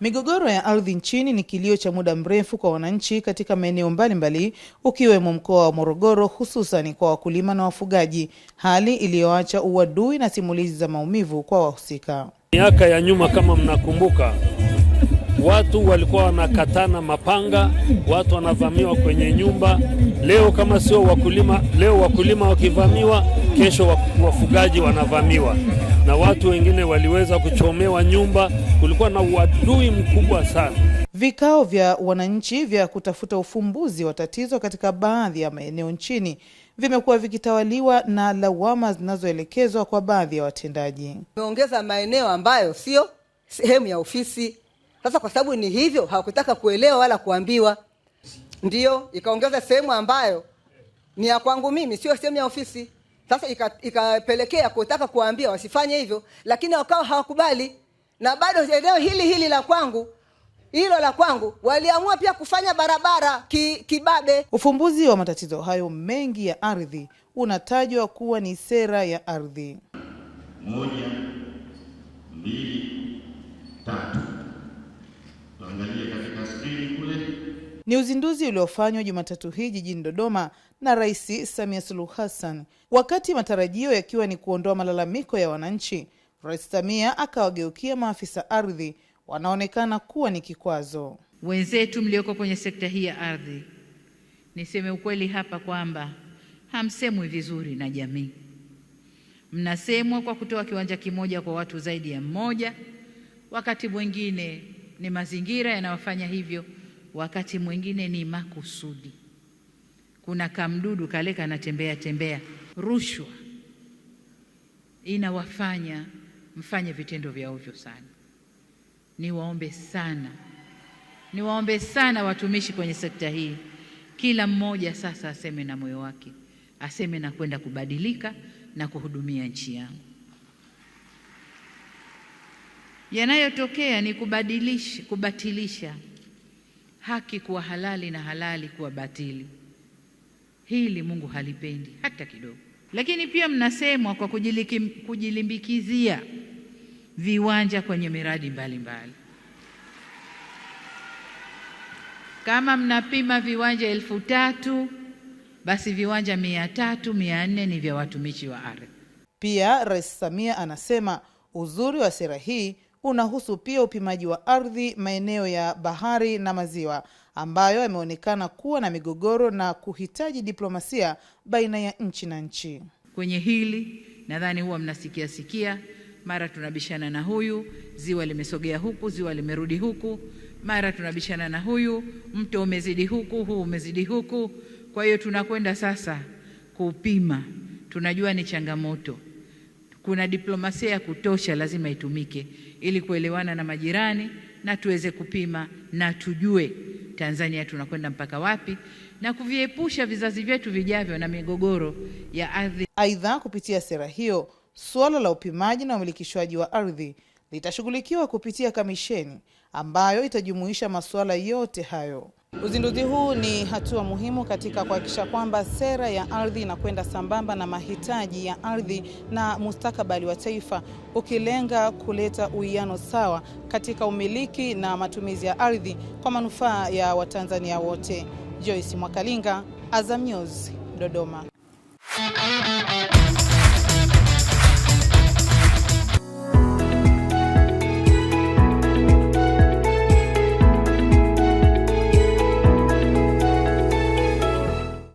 Migogoro ya ardhi nchini ni kilio cha muda mrefu kwa wananchi katika maeneo mbalimbali ukiwemo mkoa wa Morogoro, hususan kwa wakulima na wafugaji, hali iliyoacha uadui na simulizi za maumivu kwa wahusika. Miaka ya nyuma, kama mnakumbuka, watu walikuwa wanakatana mapanga, watu wanavamiwa kwenye nyumba. Leo kama sio wakulima, leo wakulima wakivamiwa kesho wafugaji wanavamiwa na watu wengine waliweza kuchomewa nyumba. Kulikuwa na uadui mkubwa sana. Vikao vya wananchi vya kutafuta ufumbuzi wa tatizo katika baadhi ya maeneo nchini vimekuwa vikitawaliwa na lawama zinazoelekezwa kwa baadhi ya watendaji. imeongeza maeneo ambayo sio sehemu ya ofisi. Sasa kwa sababu ni hivyo, hawakutaka kuelewa wala kuambiwa, ndiyo ikaongeza sehemu ambayo ni ya kwangu mimi, sio sehemu ya ofisi. Sasa ikapelekea ika kutaka kuwaambia wasifanye hivyo, lakini wakawa hawakubali, na bado eneo hili hili la kwangu hilo la kwangu waliamua pia kufanya barabara ki, kibabe. Ufumbuzi wa matatizo hayo mengi ya ardhi unatajwa kuwa ni sera ya ardhi. Moja, mbili, tatu. Ni uzinduzi uliofanywa Jumatatu hii jijini Dodoma na Rais Samia Suluhu Hassan. Wakati matarajio yakiwa ni kuondoa malalamiko ya wananchi, Rais Samia akawageukia maafisa ardhi wanaonekana kuwa ni kikwazo. Wenzetu mlioko kwenye sekta hii ya ardhi, niseme ukweli hapa kwamba hamsemwi vizuri na jamii. Mnasemwa kwa kutoa kiwanja kimoja kwa watu zaidi ya mmoja, wakati mwingine ni mazingira yanayofanya hivyo wakati mwingine ni makusudi. Kuna kamdudu kale kanatembea tembea. Rushwa inawafanya mfanye vitendo vya ovyo sana. Niwaombe sana, niwaombe sana watumishi kwenye sekta hii, kila mmoja sasa aseme na moyo wake, aseme na kwenda kubadilika na kuhudumia nchi yangu. Yanayotokea ni kubadilisha, kubatilisha haki kuwa halali na halali kuwa batili. Hili Mungu halipendi hata kidogo. Lakini pia mnasemwa kwa kujiliki, kujilimbikizia viwanja kwenye miradi mbalimbali mbali. Kama mnapima viwanja elfu tatu basi viwanja mia tatu mia nne ni vya watumishi wa ardhi. Pia Rais Samia anasema uzuri wa sera hii unahusu pia upimaji wa ardhi, maeneo ya bahari na maziwa ambayo yameonekana kuwa na migogoro na kuhitaji diplomasia baina ya nchi na nchi. Kwenye hili nadhani huwa mnasikia sikia, mara tunabishana na huyu, ziwa limesogea huku, ziwa limerudi huku, mara tunabishana na huyu, mto umezidi huku, huu umezidi huku. Kwa hiyo tunakwenda sasa kupima, tunajua ni changamoto kuna diplomasia ya kutosha lazima itumike ili kuelewana na majirani na tuweze kupima na tujue Tanzania tunakwenda mpaka wapi na kuviepusha vizazi vyetu vijavyo na migogoro ya ardhi. Aidha, kupitia sera hiyo, suala la upimaji na umilikishwaji wa ardhi litashughulikiwa kupitia kamisheni ambayo itajumuisha masuala yote hayo. Uzinduzi huu ni hatua muhimu katika kuhakikisha kwamba sera ya ardhi inakwenda sambamba na mahitaji ya ardhi na mustakabali wa taifa, ukilenga kuleta uwiano sawa katika umiliki na matumizi ya ardhi kwa manufaa ya Watanzania wote. Joyce Mwakalinga, Azam News, Dodoma.